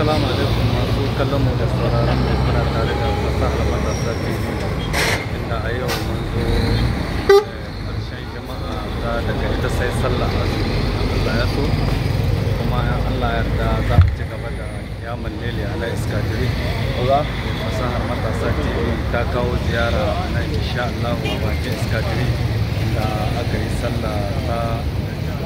assalamu alaikum masu kallon mu da sauraron mu kuna tare da fasahar matasa tv inda a yau mun zo karshen eh, jama'a ta daga ita sai sallah azumi Allah ya so kuma Allah yarda za a ci gaba da yaman lele ala iskadiri fasahar matasa tv ta kawo ziyara nan insha Allah bakin iskadiri inda aka yi sallah ta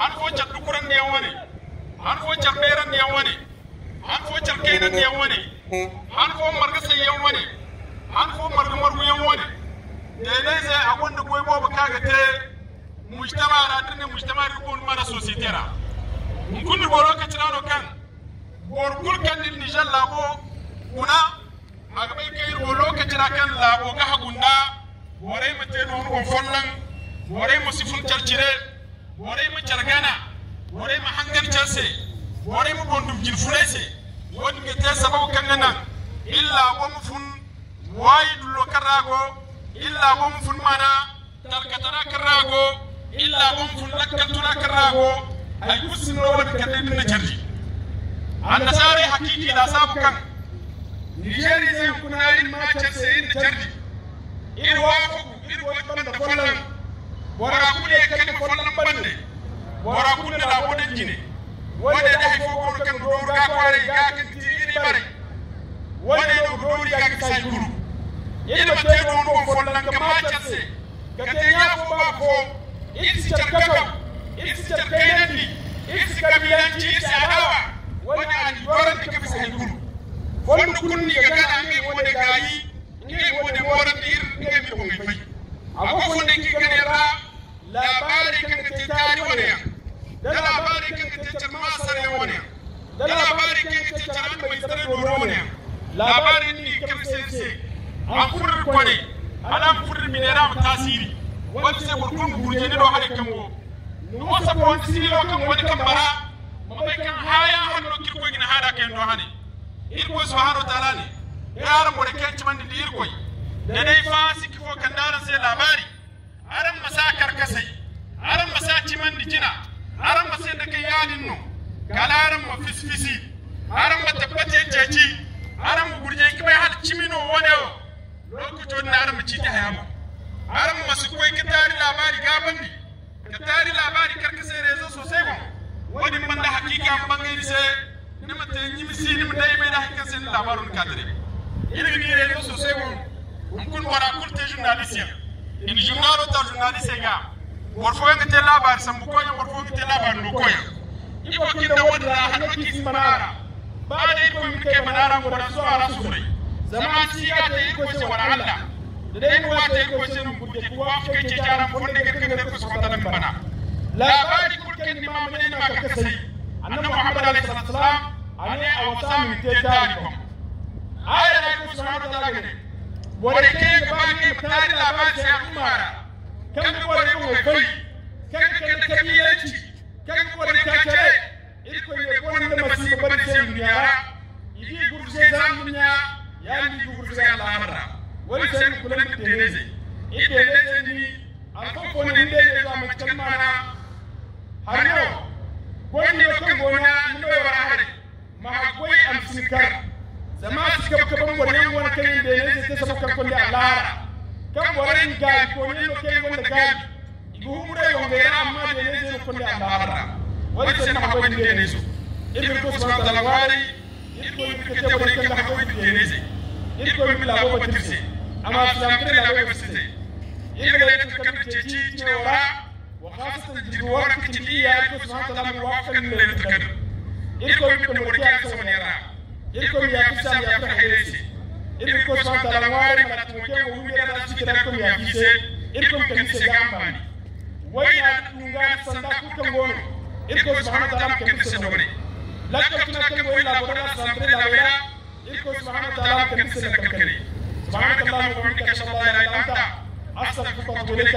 an focar dukuran ne wani an focar beran ne wani an focar kenan ne wani an fo marga sai yan wani an fo marga margu yan wani da ne sai a gonda koy bobu kaga te mujtama ra tinne mujtama ri kun mana societe ra kun go lokacin ano kan bor kul kan ni jalla labo kuna aga bai kai go lokacin kan labo ga hagunda wore mate no on follan wore musifun charcire وريم جرجانا وريم حنجر جلسي وريم بندم جنفلسي ودم تسبب كننا إلا ومفن وايد لكراغو إلا ومفن مانا تركتنا كراغو إلا ومفن لكتنا كراغو أي مسلم لو بكتن نجري أنا ساري حقيقي لا سابقا نيجيري زي كنا ما جلسي نجري isi carkakau isi carkainandi isi kabilanci isi adawa wani aliyoran da kafi sahi wani kunni ga gana ngai da gayi ngai mo da moran dir ngai ko ngai fai ko ne ki ra labari kan ta wane ya da labari kan ta masare wane ya da labari kan ta ta mai ya labarin ni kan sai sai an kurkwane ana kurmi ne wani sai burkun gurje ne do hare kan wo no sa ko wani sili lo kan wani kan bara mabai kan haya hanno kirko gina hada kan do hane irko subhanahu ta'ala ne yaran mu da kan ci da irko da dai fasik ko kan daran sai labari aran masa karkasai aran masa ci man da jina aran masa da kai yadin no kalaran mu fisfisi aran mu tabbatin ceci aran mu gurje kibai hal cimino wani lokacin da aran mu ci ta hayamu aran masu koi ka tari labari gabandi ka tari labari karka sai rezo sosai ba wani man da hakika bangai se ni te nyimi si nima dai mai da hakika sai labarun kadre ina ni rezo sosai ba kun wara kurte journaliste in journalo ta journaliste ga warfo nga te labar sambu ko ya warfo nga te labar no ko ya ibo kinda wanda hanno kis manara ba da irko mun kai manara ko da so ara sufai zaman siya da irko ce wala Allah den wata ko senu budde ko afke ce jaram fonde ke ke ko subhanahu wa ta'ala labari kurken ni ma menen ma ka sai annabi muhammad alaihi salam ane awasami te tari ko aya na ko subhanahu wa ta'ala gane bore ke ba ni tari labari sai umara kan bore ko kai kan kan kan walisema kuna mteleze iteleze nini alfoko ni ndele za mchikamana harino gwani no kan gona ndo wara hari ma hakoi am sinkar zama suka ka ban wannan wani kan da ne sai sabo kan kulli alara kan waran gal ko ne no kan wanda gal ibu humure wongera amma da ne sai kulli alara walisema hakoi ndele su ibn kusman talawari ilikuwa imekete kwa kanda hakoi ndele ilikuwa imelawo patirsi amaafilamtire labe befuse yegere tukabiteki kireora وخاصة الجوار كتلية سبحان الله موافق لنا تكلم إلكم من مرجع سمنيرا إلكم يا كسام يا كحيرسي إلكم سبحان الله واري من تمجع ومجع ناس كتلكم يا كيسي إلكم كنيسة جامباني وين نعاس سندكم كمون إلكم سبحان الله كنيسة دوري لكن كنا كمون لا بدر سندري لا ويا إلكم سبحان الله كنيسة كمكري سبحانك اللهم وبحمدك اشهد ان لا اله الا انت استغفرك واتوب اليك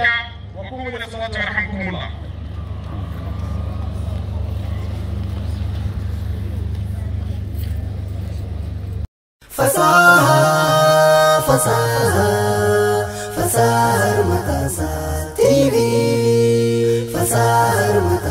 وقوموا الى الصلاه ويرحمكم الله fasaha fasaha fasahar matasa tv fasahar matasa